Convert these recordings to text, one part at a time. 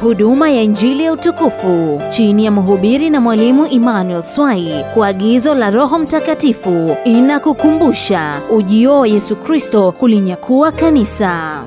Huduma ya Injili ya Utukufu chini ya mhubiri na mwalimu Emmanuel Swai kwa agizo la Roho Mtakatifu inakukumbusha ujio wa Yesu Kristo kulinyakua kanisa.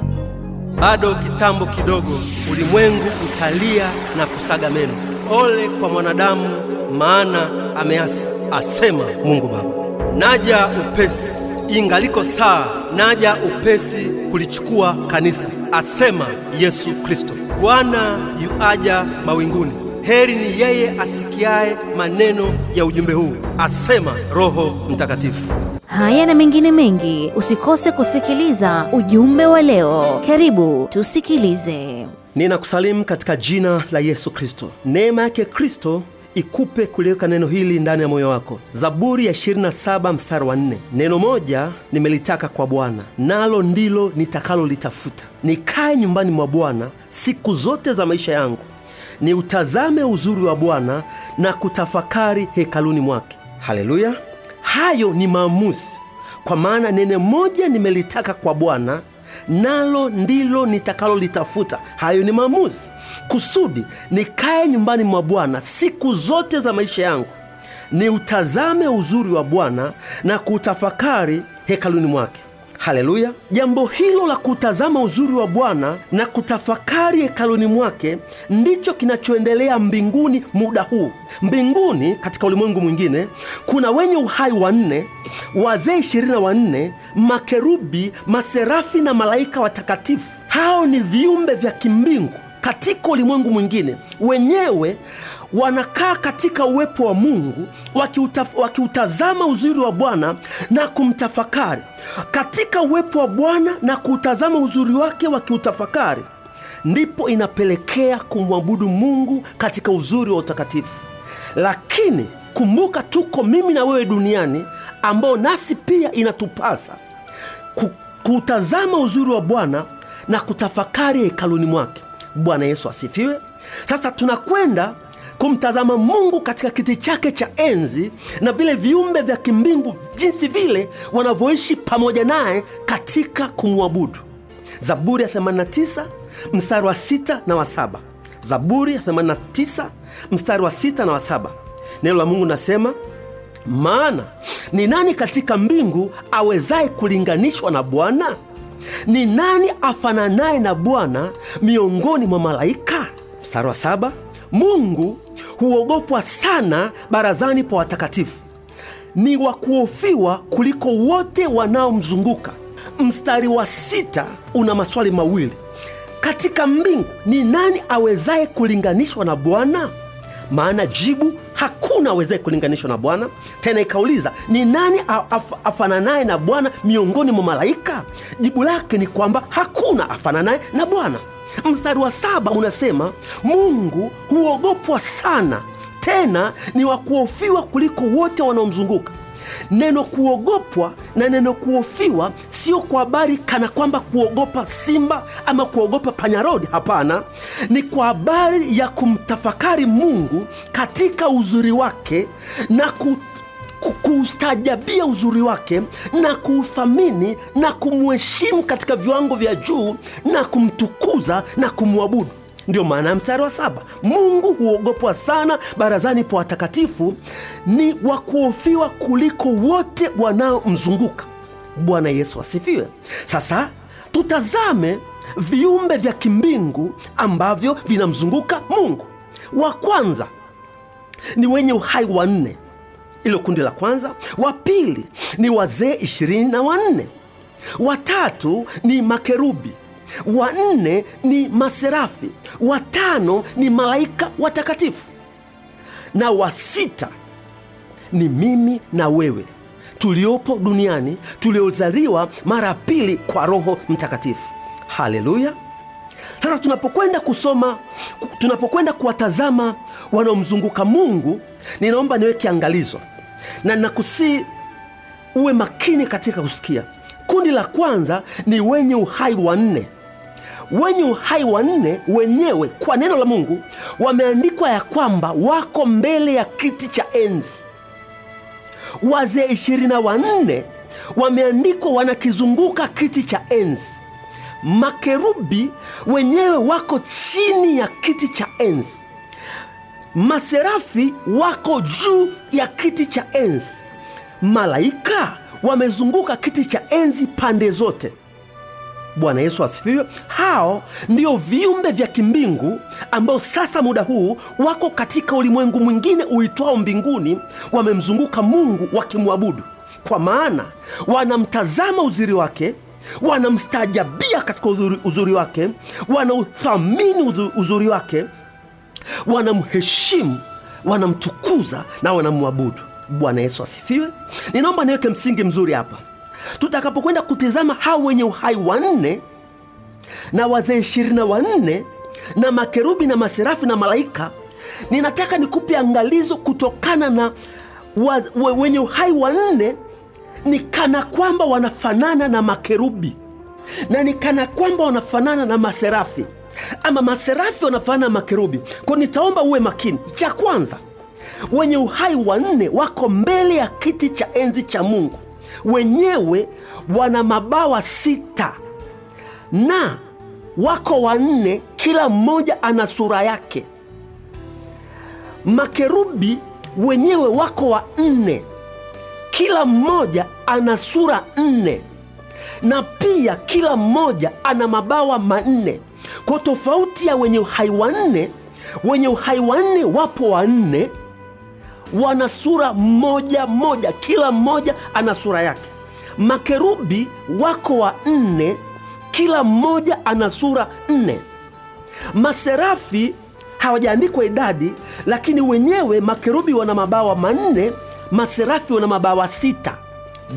Bado kitambo kidogo, ulimwengu utalia na kusaga meno. Ole kwa mwanadamu, maana ameasi, asema Mungu Baba. Naja upesi, ingaliko saa, naja upesi kulichukua kanisa, asema Yesu Kristo. Bwana yuaja mawinguni. Heri ni yeye asikiaye maneno ya ujumbe huu, asema Roho Mtakatifu. Haya na mengine mengi, usikose kusikiliza ujumbe wa leo. Karibu tusikilize. Ninakusalimu katika jina la Yesu Kristo. Neema yake Kristo ikupe kuliweka neno hili ndani ya moyo wako. Zaburi ya 27 mstari wa 4, neno moja nimelitaka kwa Bwana, nalo ndilo nitakalolitafuta, nikae nyumbani mwa Bwana siku zote za maisha yangu, ni utazame uzuri wa Bwana na kutafakari hekaluni mwake. Haleluya! Hayo ni maamuzi, kwa maana neno moja nimelitaka kwa Bwana nalo ndilo nitakalolitafuta. Hayo ni maamuzi, kusudi nikae nyumbani mwa Bwana siku zote za maisha yangu, niutazame uzuri wa Bwana na kuutafakari hekaluni mwake. Haleluya! Jambo hilo la kutazama uzuri wa Bwana na kutafakari hekaluni mwake ndicho kinachoendelea mbinguni muda huu. Mbinguni katika ulimwengu mwingine kuna wenye uhai wanne, wazee ishirini na wanne, makerubi, maserafi na malaika watakatifu. Hao ni viumbe vya kimbingu katika ulimwengu mwingine wenyewe wanakaa katika uwepo wa Mungu wakiutazama uzuri wa Bwana na kumtafakari. Katika uwepo wa Bwana na kuutazama uzuri wake wakiutafakari, ndipo inapelekea kumwabudu Mungu katika uzuri wa utakatifu. Lakini kumbuka, tuko mimi na wewe duniani, ambao nasi pia inatupasa kuutazama uzuri wa Bwana na kutafakari hekaluni mwake. Bwana Yesu asifiwe. Sasa tunakwenda kumtazama Mungu katika kiti chake cha enzi na vile viumbe vya kimbingu jinsi vile wanavyoishi pamoja naye katika kumwabudu. Zaburi ya 89 mstari wa 6 na wa Zaburi ya 89 mstari wa 6 na wa neno la Mungu nasema, maana ni nani katika mbingu awezaye kulinganishwa na Bwana? Ni nani afananaye na Bwana miongoni mwa malaika? Mstari wa saba, Mungu huogopwa sana barazani pa watakatifu, ni wa kuhofiwa kuliko wote wanaomzunguka. Mstari wa sita una maswali mawili: katika mbingu ni nani awezaye kulinganishwa na Bwana? Maana jibu hakuna awezaye kulinganishwa na Bwana. Tena ikauliza ni nani af afananaye na Bwana miongoni mwa malaika? Jibu lake ni kwamba hakuna afananaye na Bwana mstari wa saba unasema Mungu huogopwa sana, tena ni wa kuofiwa kuliko wote wanaomzunguka. Neno kuogopwa na neno kuhofiwa sio kwa habari kana kwamba kuogopa simba ama kuogopa panyarodi. Hapana, ni kwa habari ya kumtafakari Mungu katika uzuri wake na ku kuustajabia uzuri wake na kuuthamini na kumuheshimu katika viwango vya juu na kumtukuza na kumwabudu. ndio maana ya mstari wa saba, Mungu huogopwa sana barazani pa watakatifu, ni wa kuliko wote wanaomzunguka. Bwana Yesu asifiwe. Sasa tutazame viumbe vya kimbingu ambavyo vinamzunguka Mungu. Wa kwanza ni wenye uhai wanne Ilo kundi la kwanza. Wa pili ni wazee ishirini na wanne. Watatu ni makerubi. Wanne ni maserafi. Watano ni malaika watakatifu, na wasita ni mimi na wewe tuliopo duniani tuliozaliwa mara ya pili kwa Roho Mtakatifu. Haleluya! Sasa tunapokwenda kusoma, tunapokwenda kuwatazama wanaomzunguka Mungu, ninaomba niweke angalizo na nakusii uwe makini katika kusikia. Kundi la kwanza ni wenye uhai wa nne. Wenye uhai wa nne wenyewe kwa neno la Mungu wameandikwa ya kwamba wako mbele ya kiti cha enzi. Wazee ishirini na wanne wameandikwa wanakizunguka kiti cha enzi. Makerubi wenyewe wako chini ya kiti cha enzi. Maserafi wako juu ya kiti cha enzi, malaika wamezunguka kiti cha enzi pande zote. Bwana Yesu asifiwe. Hao ndio viumbe vya kimbingu ambao sasa muda huu wako katika ulimwengu mwingine uitwao mbinguni, wamemzunguka Mungu wakimwabudu, kwa maana wanamtazama uzuri wake, wanamstaajabia katika uzuri, uzuri wake, wanauthamini uzuri wake wanamheshimu, wanamtukuza na wanamwabudu. Bwana Yesu asifiwe. Ninaomba niweke msingi mzuri hapa. Tutakapokwenda kutizama hao wenye uhai wanne na wazee ishirini na wanne na makerubi na maserafi na malaika, ninataka nikupe angalizo kutokana na waz, we, wenye uhai wanne ni kana kwamba wanafanana na makerubi na ni kana kwamba wanafanana na maserafi ama maserafi wanafanana makerubi, kwa nitaomba uwe makini. Cha kwanza, wenye uhai wanne wako mbele ya kiti cha enzi cha Mungu, wenyewe wana mabawa sita na wako wanne, kila mmoja ana sura yake. Makerubi wenyewe wako wanne, kila mmoja ana sura nne, na pia kila mmoja ana mabawa manne. Kwa tofauti ya wenye uhai wanne, wenye uhai wanne wapo wanne, wana sura moja moja, kila mmoja ana sura yake. Makerubi wako wanne, kila mmoja ana sura nne. Maserafi hawajaandikwa idadi, lakini wenyewe makerubi wana mabawa manne, maserafi wana mabawa sita.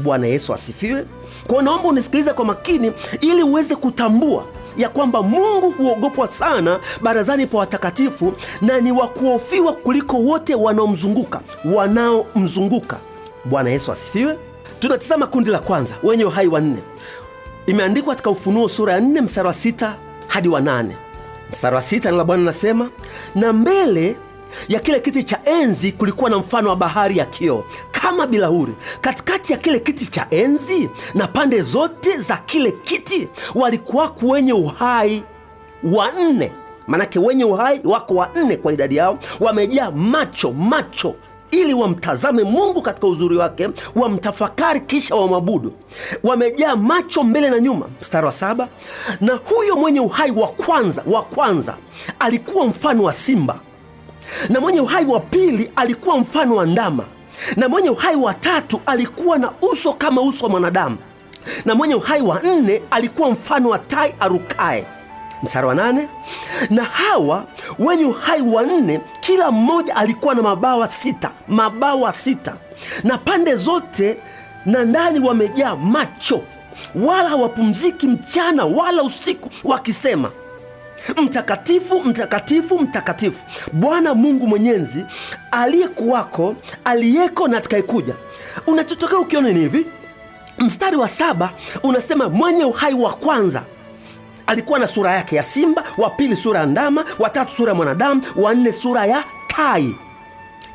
Bwana Yesu asifiwe. Kwa naomba unisikilize kwa makini ili uweze kutambua ya kwamba Mungu huogopwa sana barazani pa watakatifu na ni wa kuhofiwa kuliko wote wanaomzunguka wanaomzunguka. Bwana Yesu asifiwe. Tunatizama kundi la kwanza, wenye uhai wa nne. Imeandikwa katika Ufunuo sura ya nne mstari wa sita hadi wa nane. Mstari wa sita neno la Bwana nasema, na mbele ya kile kiti cha enzi kulikuwa na mfano wa bahari ya kioo kama bilauri. Katikati ya kile kiti cha enzi na pande zote za kile kiti walikuwa wenye uhai wanne, maanake wenye uhai wako wanne kwa idadi yao, wamejaa macho macho ili wamtazame Mungu katika uzuri wake, wamtafakari kisha wamwabudu. Wamejaa macho mbele na nyuma. Mstari wa saba. Na huyo mwenye uhai wa kwanza wa kwanza alikuwa mfano wa simba na mwenye uhai wa pili alikuwa mfano wa ndama, na mwenye uhai wa tatu alikuwa na uso kama uso wa mwanadamu, na mwenye uhai wa nne alikuwa mfano wa tai arukae. Mstari wa nane. Na hawa wenye uhai wa nne kila mmoja alikuwa na mabawa sita, mabawa sita, na pande zote na ndani wamejaa macho, wala hawapumziki mchana wala usiku, wakisema mtakatifu, mtakatifu, mtakatifu, Bwana Mungu Mwenyezi, aliyekuwako, aliyeko na atakayekuja. Unachotokea ukiona ni hivi, mstari wa saba unasema mwenye uhai wa kwanza alikuwa na sura yake ya simba, wa pili sura ya ndama, wa tatu sura ya mwanadamu, wa nne sura ya tai.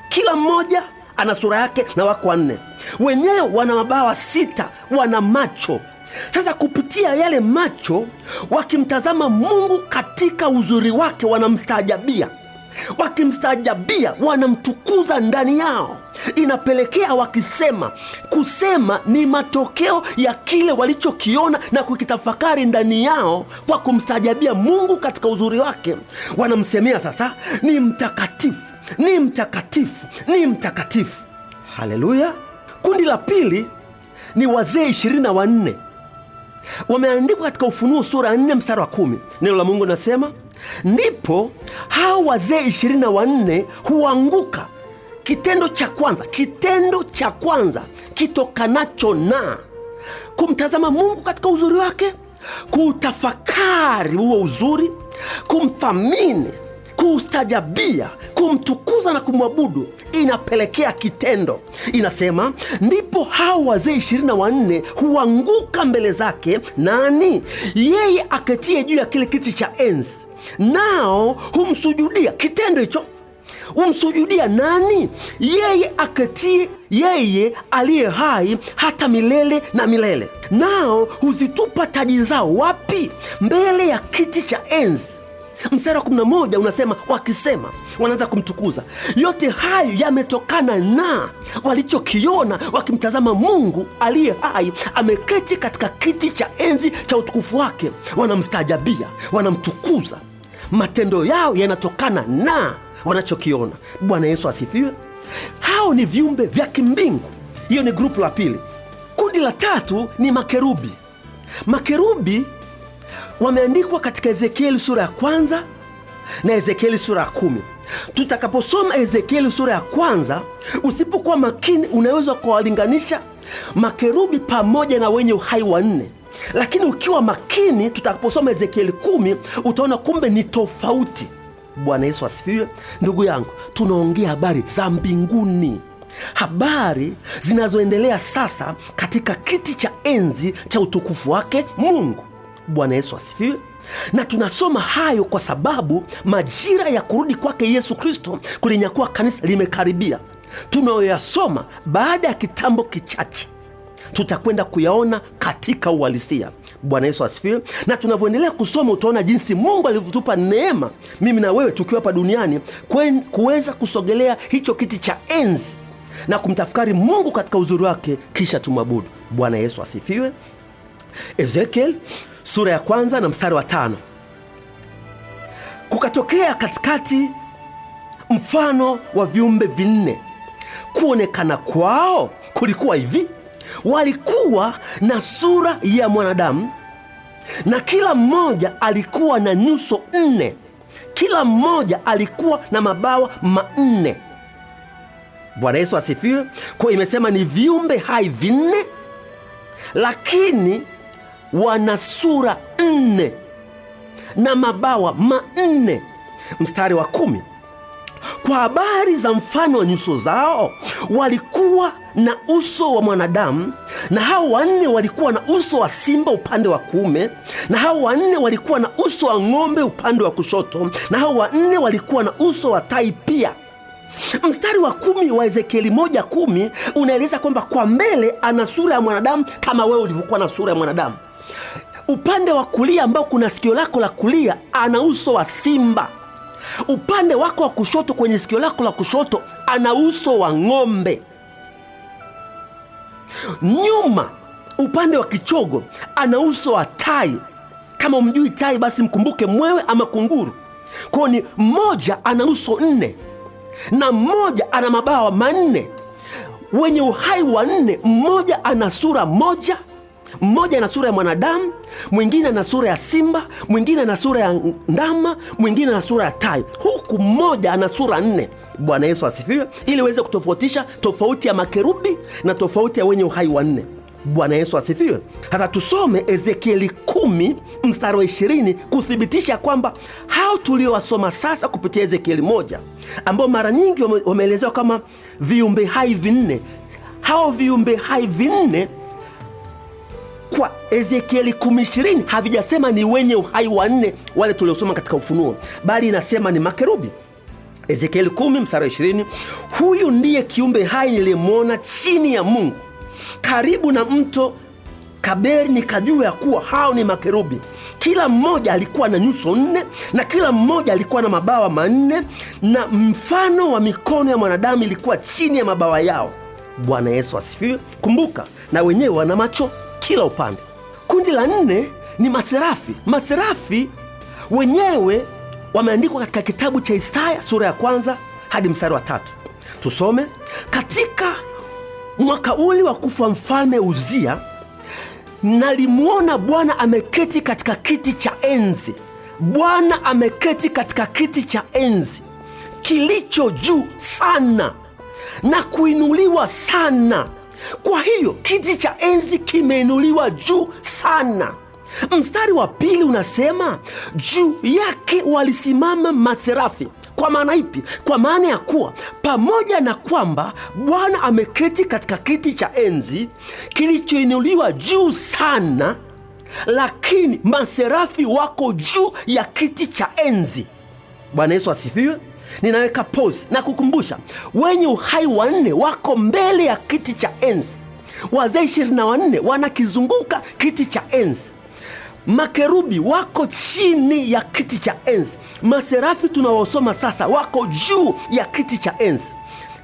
Kila mmoja ana sura yake na wako wanne, wenyewe wana mabawa sita, wana macho sasa kupitia yale macho, wakimtazama Mungu katika uzuri wake, wanamstaajabia wakimstaajabia wanamtukuza ndani yao. Inapelekea wakisema, kusema ni matokeo ya kile walichokiona na kukitafakari ndani yao. Kwa kumstaajabia Mungu katika uzuri wake, wanamsemea sasa, ni mtakatifu, ni mtakatifu, ni mtakatifu. Haleluya! Kundi la pili ni wazee ishirini na wanne wameandikwa katika Ufunuo sura ya nne mstari wa kumi. Neno la Mungu linasema ndipo hao wazee ishirini na wanne huanguka. Kitendo cha kwanza, kitendo cha kwanza kitokanacho na kumtazama Mungu katika uzuri wake, kuutafakari huo uzuri, kumthamini kustajabia kumtukuza na kumwabudu inapelekea kitendo. Inasema ndipo hao wazee ishirini na wanne huanguka mbele zake nani? Yeye aketie juu ya kile kiti cha enzi, nao humsujudia. Kitendo hicho humsujudia nani? Yeye aketie, yeye aliye hai hata milele na milele. Nao huzitupa taji zao wapi? Mbele ya kiti cha enzi Mstari wa 11 unasema, wakisema wanaanza kumtukuza. Yote hayo yametokana na walichokiona wakimtazama Mungu aliye hai ameketi katika kiti cha enzi cha utukufu wake. Wanamstaajabia, wanamtukuza. Matendo yao yanatokana na wanachokiona. Bwana Yesu asifiwe. Hao ni viumbe vya kimbingu. Hiyo ni grupu la pili. Kundi la tatu ni makerubi. Makerubi wameandikwa katika Ezekieli sura ya kwanza na Ezekieli sura ya kumi. Tutakaposoma Ezekieli sura ya kwanza, usipokuwa makini, unaweza kuwalinganisha makerubi pamoja na wenye uhai wanne, lakini ukiwa makini, tutakaposoma Ezekieli kumi utaona kumbe ni tofauti. Bwana Yesu asifiwe. Ndugu yangu, tunaongea habari za mbinguni, habari zinazoendelea sasa katika kiti cha enzi cha utukufu wake Mungu. Bwana Yesu asifiwe. Na tunasoma hayo kwa sababu majira ya kurudi kwake Yesu Kristo kulinyakuwa kanisa limekaribia. Tunayoyasoma baada ya kitambo kichache tutakwenda kuyaona katika uhalisia. Bwana Yesu asifiwe. Na tunavyoendelea kusoma, utaona jinsi Mungu alivyotupa neema, mimi na wewe tukiwa hapa duniani, kuweza kusogelea hicho kiti cha enzi na kumtafakari Mungu katika uzuri wake, kisha tumwabudu. Bwana Yesu asifiwe. Ezekiel sura ya kwanza na mstari wa tano. Kukatokea katikati mfano wa viumbe vinne, kuonekana kwao kulikuwa hivi: walikuwa na sura ya mwanadamu, na kila mmoja alikuwa na nyuso nne, kila mmoja alikuwa na mabawa manne. Bwana Yesu asifiwe. Kwa imesema ni viumbe hai vinne, lakini wana sura nne na mabawa manne. Mstari wa kumi, kwa habari za mfano wa nyuso zao walikuwa na uso wa mwanadamu, na hao wanne walikuwa na uso wa simba upande wa kuume, na hao wanne walikuwa na uso wa ng'ombe upande wa kushoto, na hao wanne walikuwa na uso wa tai pia. Mstari wa kumi wa Ezekieli moja kumi unaeleza kwamba kwa mbele ana sura ya mwanadamu kama wewe ulivyokuwa na sura ya mwanadamu Upande wa kulia ambao kuna sikio lako la kulia ana uso wa simba. Upande wako wa kushoto kwenye sikio lako la kushoto ana uso wa ng'ombe. Nyuma upande wa kichogo ana uso wa tai. Kama umjui tai, basi mkumbuke mwewe ama kunguru. Kwao ni mmoja ana uso nne na mmoja ana mabawa manne. Wenye uhai wa nne, mmoja ana sura moja mmoja ana sura ya mwanadamu, mwingine ana sura ya simba, mwingine ana sura ya ndama, mwingine ana sura ya tai, huku mmoja ana sura nne. Bwana Yesu asifiwe, ili uweze kutofautisha tofauti ya makerubi na tofauti ya wenye uhai wa nne. Bwana Yesu asifiwe. Sasa tusome Ezekieli kumi mstari wa ishirini kuthibitisha kwamba hao tuliowasoma sasa kupitia Ezekieli moja, ambao mara nyingi wameelezewa kama viumbe hai vinne, hao viumbe hai vinne kwa Ezekieli ishirini havijasema ni wenye uhai wanne wale tuliosoma katika Ufunuo, bali inasema ni makerubi. Ezekieli kumi mstari ishirini huyu ndiye kiumbe hai niliyemwona chini ya Mungu karibu na mto Kaberi, nikajua ya kuwa hao ni makerubi. Kila mmoja alikuwa na nyuso nne na kila mmoja alikuwa na mabawa manne, na mfano wa mikono ya mwanadamu ilikuwa chini ya mabawa yao. Bwana Yesu asifiwe. Kumbuka na wenyewe wana macho kila upande. Kundi la nne ni maserafi. Maserafi wenyewe wameandikwa katika kitabu cha Isaya sura ya kwanza hadi mstari wa tatu. Tusome. Katika mwaka uli wa kufa mfalme Uzia, nalimwona Bwana ameketi katika kiti cha enzi. Bwana ameketi katika kiti cha enzi kilicho juu sana na kuinuliwa sana kwa hiyo kiti cha enzi kimeinuliwa juu sana. Mstari wa pili unasema juu yake walisimama maserafi. Kwa maana ipi? Kwa maana ya kuwa pamoja na kwamba Bwana ameketi katika kiti cha enzi kilichoinuliwa juu sana, lakini maserafi wako juu ya kiti cha enzi. Bwana Yesu asifiwe ninaweka pause na kukumbusha wenye uhai wanne wako mbele ya kiti cha enzi, wazee ishirini na wanne wanakizunguka kiti cha enzi, makerubi wako chini ya kiti cha enzi, maserafi tunawosoma sasa wako juu ya kiti cha enzi.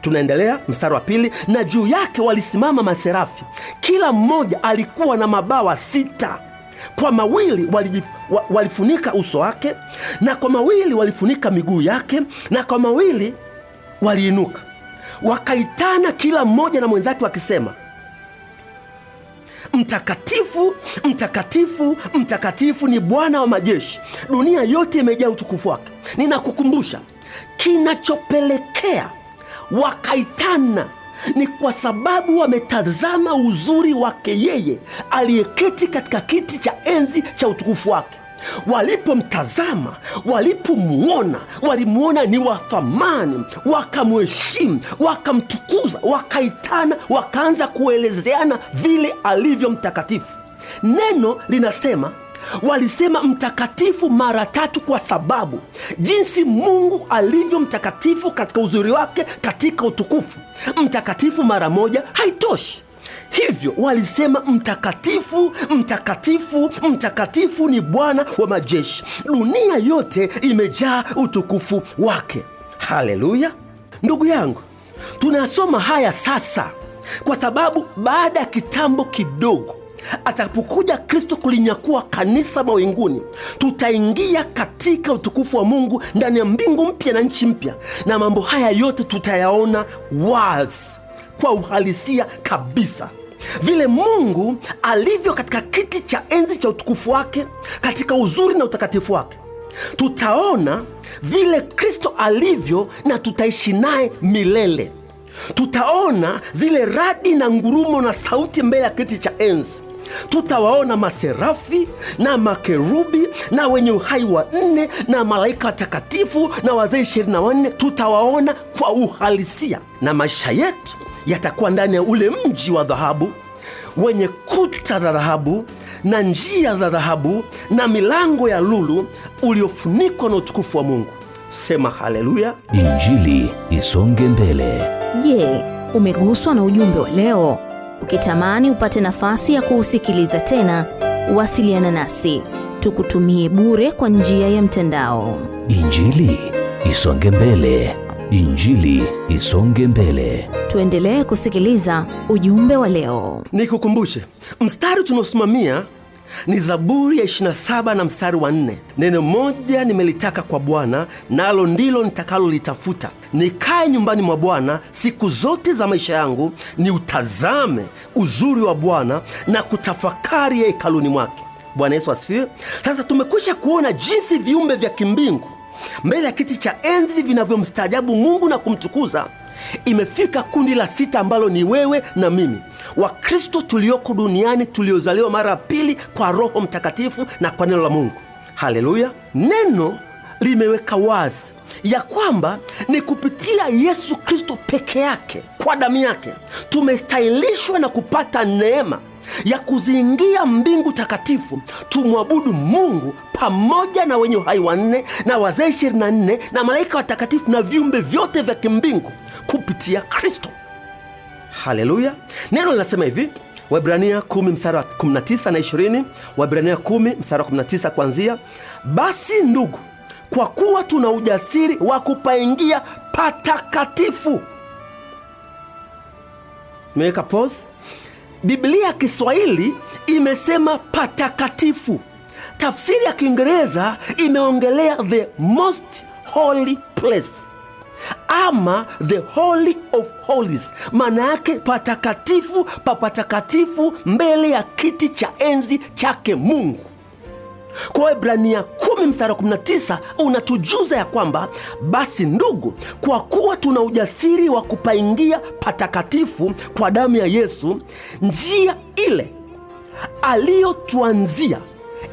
Tunaendelea mstari wa pili, na juu yake walisimama maserafi, kila mmoja alikuwa na mabawa sita kwa mawili walijif, wa, walifunika uso wake na kwa mawili walifunika miguu yake na kwa mawili waliinuka wakaitana kila mmoja na mwenzake wakisema, Mtakatifu, mtakatifu, mtakatifu ni Bwana wa majeshi, dunia yote imejaa utukufu wake. Ninakukumbusha kinachopelekea wakaitana ni kwa sababu wametazama uzuri wake yeye aliyeketi katika kiti cha enzi cha utukufu wake. Walipomtazama, walipomwona, walimwona ni wathamani thamani, wakamheshimu, wakamtukuza, wakaitana, wakaanza kuelezeana vile alivyo mtakatifu. Neno linasema walisema mtakatifu mara tatu, kwa sababu jinsi Mungu alivyo mtakatifu katika uzuri wake, katika utukufu, mtakatifu mara moja haitoshi. Hivyo walisema mtakatifu, mtakatifu, mtakatifu ni Bwana wa majeshi, dunia yote imejaa utukufu wake. Haleluya! Ndugu yangu, tunasoma haya sasa kwa sababu baada ya kitambo kidogo atakapokuja Kristo kulinyakua kanisa mawinguni, tutaingia katika utukufu wa Mungu ndani ya mbingu mpya na nchi mpya, na mambo haya yote tutayaona wazi kwa uhalisia kabisa vile Mungu alivyo katika kiti cha enzi cha utukufu wake katika uzuri na utakatifu wake. Tutaona vile Kristo alivyo na tutaishi naye milele. Tutaona zile radi na ngurumo na sauti mbele ya kiti cha enzi tutawaona maserafi na makerubi na wenye uhai wa nne na malaika watakatifu na wazee ishirini na wanne tutawaona kwa uhalisia, na maisha yetu yatakuwa ndani ya ule mji wa dhahabu wenye kuta za dhahabu na njia za dhahabu na milango ya lulu uliofunikwa na utukufu wa Mungu. Sema haleluya! Injili isonge mbele. Je, umeguswa na ujumbe wa leo? Ukitamani upate nafasi ya kuusikiliza tena, wasiliana nasi tukutumie bure kwa njia ya mtandao. Injili isonge mbele, Injili isonge mbele. Tuendelee kusikiliza ujumbe wa leo. Nikukumbushe mstari tunaosimamia ni Zaburi ya 27 na mstari wa 4. Neno moja nimelitaka kwa Bwana, nalo ndilo nitakalolitafuta, nikae nyumbani mwa Bwana siku zote za maisha yangu, niutazame uzuri wa Bwana na kutafakari hekaluni mwake. Bwana Yesu asifiwe. Sasa tumekwisha kuona jinsi viumbe vya kimbingu mbele ya kiti cha enzi vinavyomstaajabu Mungu na kumtukuza imefika kundi la sita ambalo ni wewe na mimi, Wakristo tulioko duniani tuliozaliwa mara ya pili kwa Roho Mtakatifu na kwa neno la Mungu. Haleluya! Neno limeweka wazi ya kwamba ni kupitia Yesu Kristo peke yake, kwa damu yake tumestahilishwa na kupata neema ya kuziingia mbingu takatifu tumwabudu Mungu pamoja na wenye uhai wanne na wazee ishirini na nne na malaika watakatifu na viumbe vyote vya kimbingu kupitia Kristo. Haleluya! Neno linasema hivi Waibrania 10 mstari wa 19 na 20, Waibrania 10 mstari wa 19 kuanzia: basi ndugu, kwa kuwa tuna ujasiri wa kupaingia patakatifu. Nimeweka pause Biblia ya Kiswahili imesema patakatifu. Tafsiri ya Kiingereza imeongelea the most holy place ama the holy of holies, maana yake patakatifu pa patakatifu, mbele ya kiti cha enzi chake Mungu. Kwa Waebrania 10 mstari wa 19 unatujuza ya kwamba basi ndugu, kwa kuwa tuna ujasiri wa kupaingia patakatifu kwa damu ya Yesu, njia ile aliyotuanzia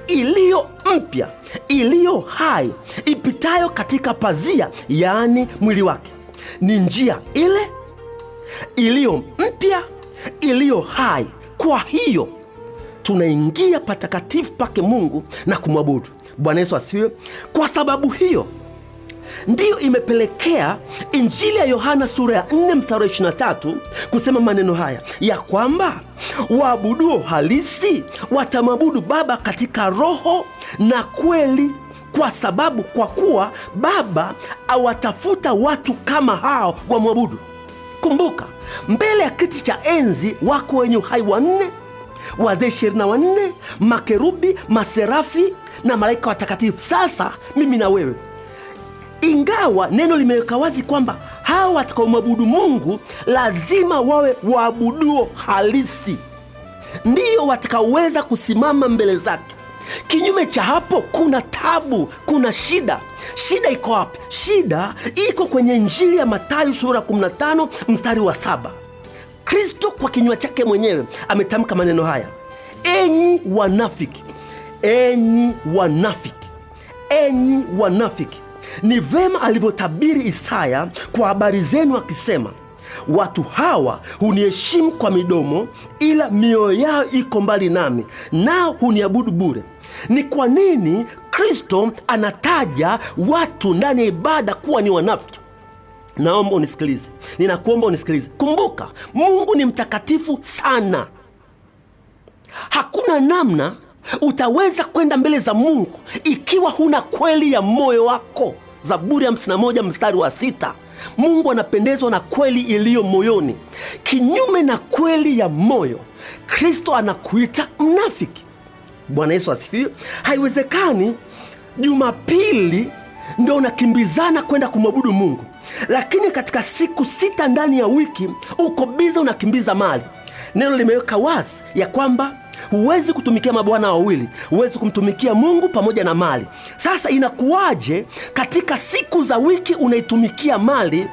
iliyo mpya iliyo hai ipitayo katika pazia, yaani mwili wake, ni njia ile iliyo mpya iliyo hai. Kwa hiyo tunaingia patakatifu pake Mungu na kumwabudu. Bwana Yesu asifiwe. Kwa sababu hiyo ndiyo imepelekea Injili ya Yohana sura ya 4 mstari 23 kusema maneno haya ya kwamba waabuduo halisi watamwabudu Baba katika roho na kweli, kwa sababu kwa kuwa Baba awatafuta watu kama hao wamwabudu. Kumbuka, mbele ya kiti cha enzi wako wenye uhai wanne wazee ishirini na wanne, makerubi, maserafi na malaika watakatifu. Sasa mimi na wewe, ingawa neno limeweka wazi kwamba hawa watakaomwabudu Mungu lazima wawe waabuduo halisi, ndiyo watakaoweza kusimama mbele zake. Kinyume cha hapo, kuna tabu, kuna shida. Shida iko wapi? Shida iko kwenye njili ya matayo sura 15 mstari wa saba. Kristo kwa kinywa chake mwenyewe ametamka maneno haya, enyi wanafiki, enyi wanafiki, enyi wanafiki. Ni vema alivyotabiri Isaya kwa habari zenu akisema, watu hawa huniheshimu kwa midomo, ila mioyo yao iko mbali nami, nao huniabudu bure. Ni kwa nini Kristo anataja watu ndani ya ibada kuwa ni wanafiki? Naomba unisikilize, ninakuomba unisikilize. Kumbuka, Mungu ni mtakatifu sana. Hakuna namna utaweza kwenda mbele za Mungu ikiwa huna kweli ya moyo wako. Zaburi na moja mstari wa sita. Mungu anapendezwa na kweli iliyo moyoni. Kinyume na kweli ya moyo, Kristo anakuita mnafiki. Bwana Yesu asifiwe. Haiwezekani Jumapili ndio unakimbizana kwenda kumwabudu Mungu lakini katika siku sita ndani ya wiki uko biza unakimbiza mali. Neno limeweka wazi ya kwamba Huwezi kutumikia mabwana wawili, huwezi kumtumikia Mungu pamoja na mali. Sasa inakuwaje katika siku za wiki unaitumikia mali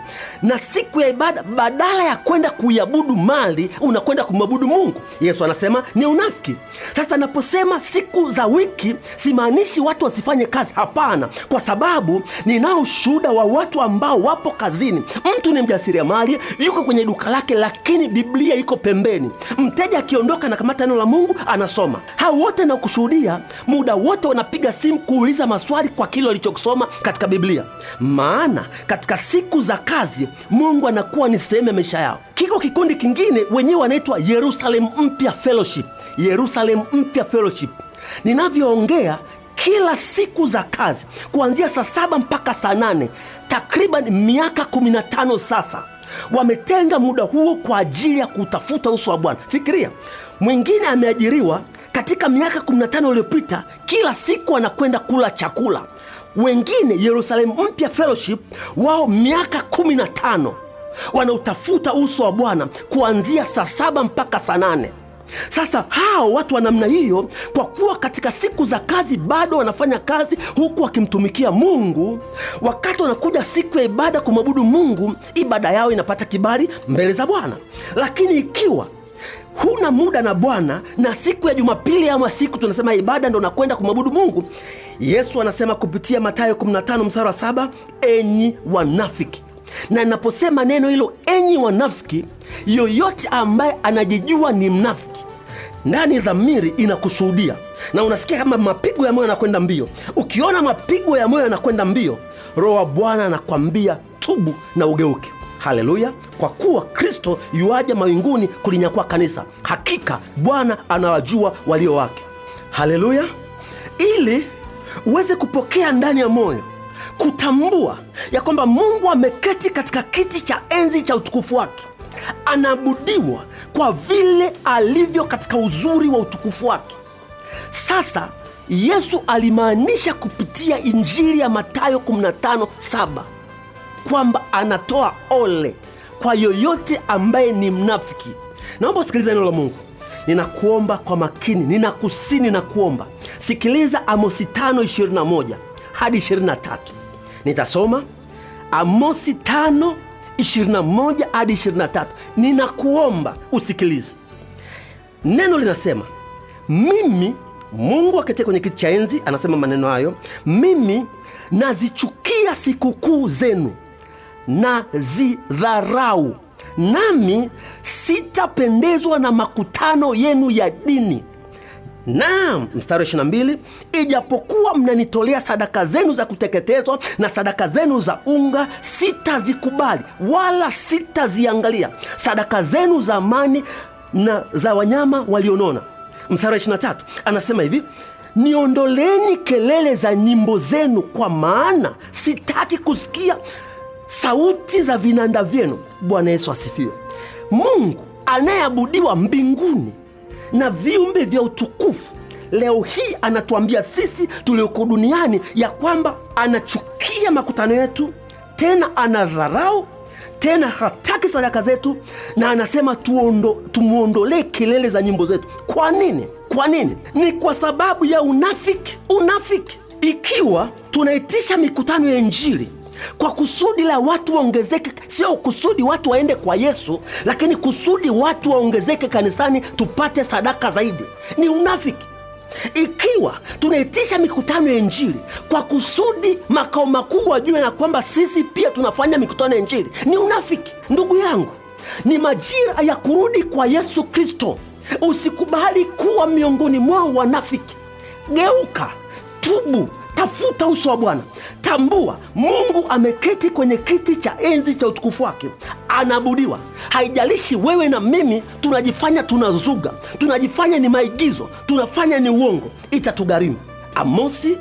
na siku ya ibada badala ya kwenda kuiabudu mali unakwenda kumwabudu Mungu? Yesu anasema ni unafiki. Sasa naposema siku za wiki, simaanishi watu wasifanye kazi, hapana, kwa sababu ninao ushuhuda wa watu ambao wapo kazini. Mtu ni mali yuko kwenye duka lake, lakini Biblia iko pembeni. Mteja akiondoka na kamata neno la Mungu Mungu anasoma. Hao wote nakushuhudia muda wote wanapiga simu kuuliza maswali kwa kile walichokisoma katika Biblia, maana katika siku za kazi Mungu anakuwa ni sehemu ya maisha yao. Kiko kikundi kingine wenyewe wanaitwa Yerusalem Mpya Fellowship. Yerusalem Mpya Fellowship, ninavyoongea kila siku za kazi kuanzia saa saba mpaka saa nane takriban miaka 15 sasa wametenga muda huo kwa ajili ya kutafuta uso wa Bwana. Fikiria, mwingine ameajiriwa katika miaka 15 iliyopita, kila siku anakwenda kula chakula. Wengine Yerusalemu Mpya Fellowship wao miaka 15 wanautafuta uso wa Bwana kuanzia saa saba mpaka saa nane. Sasa hao watu wa namna hiyo, kwa kuwa katika siku za kazi bado wanafanya kazi huku wakimtumikia Mungu, wakati wanakuja siku ya ibada kumwabudu Mungu, ibada yao inapata kibali mbele za Bwana. Lakini ikiwa huna muda na Bwana na siku ya Jumapili ama siku tunasema ibada ndo nakwenda kumwabudu Mungu, Yesu anasema kupitia Mathayo 15 mstari wa saba, enyi wanafiki na naposema neno hilo, enyi wanafiki, yoyote ambaye anajijua ni mnafiki ndani dhamiri inakushuhudia na unasikia kama mapigo ya moyo yanakwenda mbio. Ukiona mapigo ya moyo yanakwenda mbio, Roho wa Bwana anakwambia tubu na ugeuke. Haleluya! Kwa kuwa Kristo yuaja mawinguni kulinyakua kanisa, hakika Bwana anawajua walio wake. Haleluya! ili uweze kupokea ndani ya moyo kutambua ya kwamba Mungu ameketi katika kiti cha enzi cha utukufu wake, anaabudiwa kwa vile alivyo katika uzuri wa utukufu wake. Sasa Yesu alimaanisha kupitia Injili ya Mathayo 15:7 kwamba anatoa ole kwa yoyote ambaye ni mnafiki. Naomba usikiliza neno la Mungu, ninakuomba kwa makini, ninakusi, ninakuomba sikiliza Amosi 5:21 hadi 23. Nitasoma Amosi tano 21 hadi 23. Ninakuomba usikilize neno, linasema mimi Mungu aketia kwenye kiti cha enzi anasema maneno hayo, mimi nazichukia sikukuu zenu na zidharau, nami sitapendezwa na makutano yenu ya dini. Naam, mstari wa 22, ijapokuwa mnanitolea sadaka zenu za kuteketezwa na sadaka zenu za unga, sitazikubali wala sitaziangalia sadaka zenu za amani na za wanyama walionona. Mstari wa tatu anasema hivi Niondoleni kelele za nyimbo zenu, kwa maana sitaki kusikia sauti za vinanda vyenu. Bwana Yesu asifiwe. Mungu anayeabudiwa mbinguni na viumbe vya utukufu. Leo hii anatuambia sisi tulioko duniani ya kwamba anachukia makutano yetu, tena ana dharau tena hataki sadaka zetu, na anasema tumwondolee kelele za nyimbo zetu. Kwa nini? Kwa nini? Ni kwa sababu ya unafiki. Unafiki ikiwa tunaitisha mikutano ya Injili kwa kusudi la watu waongezeke, sio kusudi watu waende kwa Yesu, lakini kusudi watu waongezeke kanisani, tupate sadaka zaidi. Ni unafiki ikiwa tunaitisha mikutano ya Injili kwa kusudi makao makuu wajue na kwamba sisi pia tunafanya mikutano ya Injili. Ni unafiki ndugu yangu. Ni majira ya kurudi kwa Yesu Kristo. Usikubali kuwa miongoni mwao wanafiki. Geuka, tubu. Tafuta uso wa Bwana. Tambua Mungu ameketi kwenye kiti cha enzi cha utukufu wake, anaabudiwa. Haijalishi wewe na mimi tunajifanya tunazuga, tunajifanya ni maigizo, tunafanya ni uongo, itatugharimu. Amosi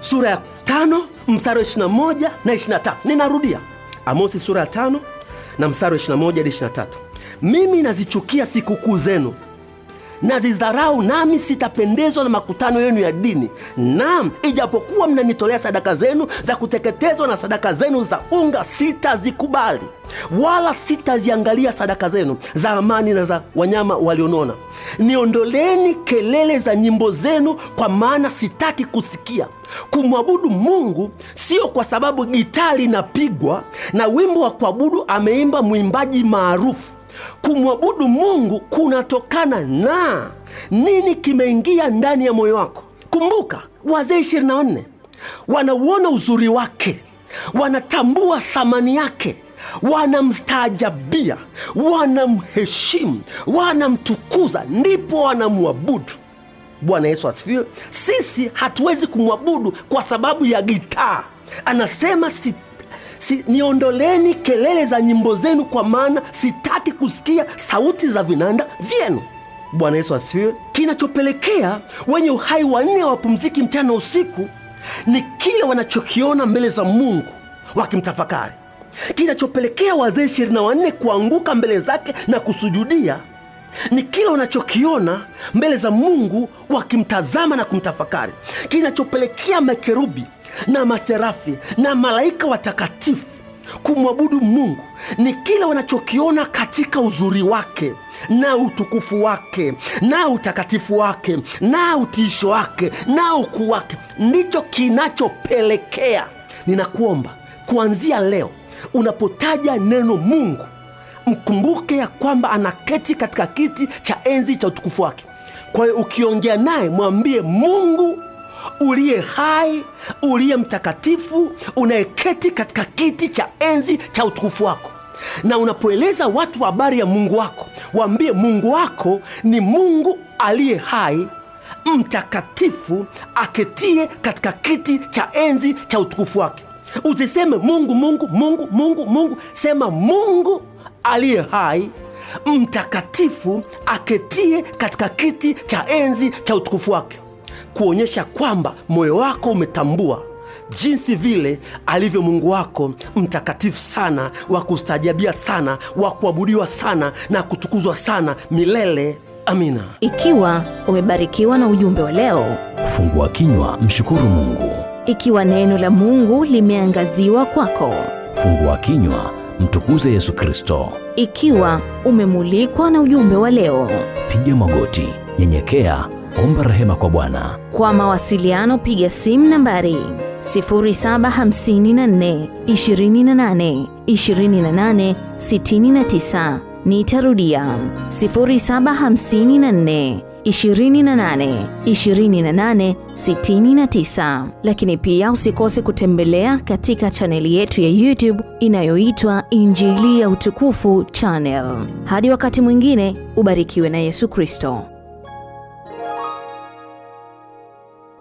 sura ya tano mstari wa 21 na 23. Ninarudia, Amosi sura ya tano na mstari wa 21 hadi 23. Mimi nazichukia sikukuu zenu nazidharau, nami sitapendezwa na makutano yenu ya dini. Naam, ijapokuwa mnanitolea sadaka zenu za kuteketezwa na sadaka zenu za unga, sitazikubali wala sitaziangalia sadaka zenu za amani na za wanyama walionona. Niondoleni kelele za nyimbo zenu, kwa maana sitaki kusikia. Kumwabudu Mungu sio kwa sababu gitaa linapigwa na wimbo wa kuabudu ameimba mwimbaji maarufu Kumwabudu Mungu kunatokana na nini? Kimeingia ndani ya moyo wako. Kumbuka wazee 24 wanauona uzuri wake, wanatambua thamani yake, wanamstaajabia, wanamheshimu, wanamtukuza, ndipo wanamwabudu. Bwana Yesu asifiwe. Sisi hatuwezi kumwabudu kwa sababu ya gitaa. Anasema si si, niondoleni kelele za nyimbo zenu, kwa maana sitaki kusikia sauti za vinanda vyenu. Bwana Yesu asifiwe. Kinachopelekea wenye uhai wanne wapumziki mchana na usiku ni kile wanachokiona mbele za Mungu wakimtafakari. Kinachopelekea wazee ishirini na wanne kuanguka mbele zake na kusujudia ni kile wanachokiona mbele za Mungu wakimtazama na kumtafakari. Kinachopelekea makerubi na maserafi na malaika watakatifu kumwabudu Mungu ni kile wanachokiona katika uzuri wake na utukufu wake na utakatifu wake na utiisho wake na ukuu wake, ndicho kinachopelekea. Ninakuomba kuanzia leo unapotaja neno Mungu, mkumbuke ya kwamba anaketi katika kiti cha enzi cha utukufu wake. Kwa hiyo ukiongea naye, mwambie Mungu uliye hai, uliye mtakatifu, unayeketi katika kiti cha enzi cha utukufu wako. Na unapoeleza watu wa habari ya Mungu wako, waambie Mungu wako ni Mungu aliye hai, mtakatifu, aketie katika kiti cha enzi cha utukufu wake. Usiseme Mungu, Mungu, Mungu, Mungu, Mungu, sema Mungu aliye hai mtakatifu aketie katika kiti cha enzi cha utukufu wake kuonyesha kwamba moyo wako umetambua jinsi vile alivyo Mungu wako mtakatifu sana, wa kustajabia sana, wa kuabudiwa sana na kutukuzwa sana milele. Amina. Ikiwa umebarikiwa na ujumbe wa leo, fungua kinywa, mshukuru Mungu. Ikiwa neno la Mungu limeangaziwa kwako, fungua kinywa, mtukuze Yesu Kristo. Ikiwa umemulikwa na ujumbe wa leo, piga magoti, nyenyekea omba rehema kwa Bwana. Kwa mawasiliano piga simu nambari 0754 Nitarudia 0754 Lakini pia usikose kutembelea katika chaneli yetu ya YouTube inayoitwa Injili ya Utukufu Channel. Hadi wakati mwingine, ubarikiwe na Yesu Kristo.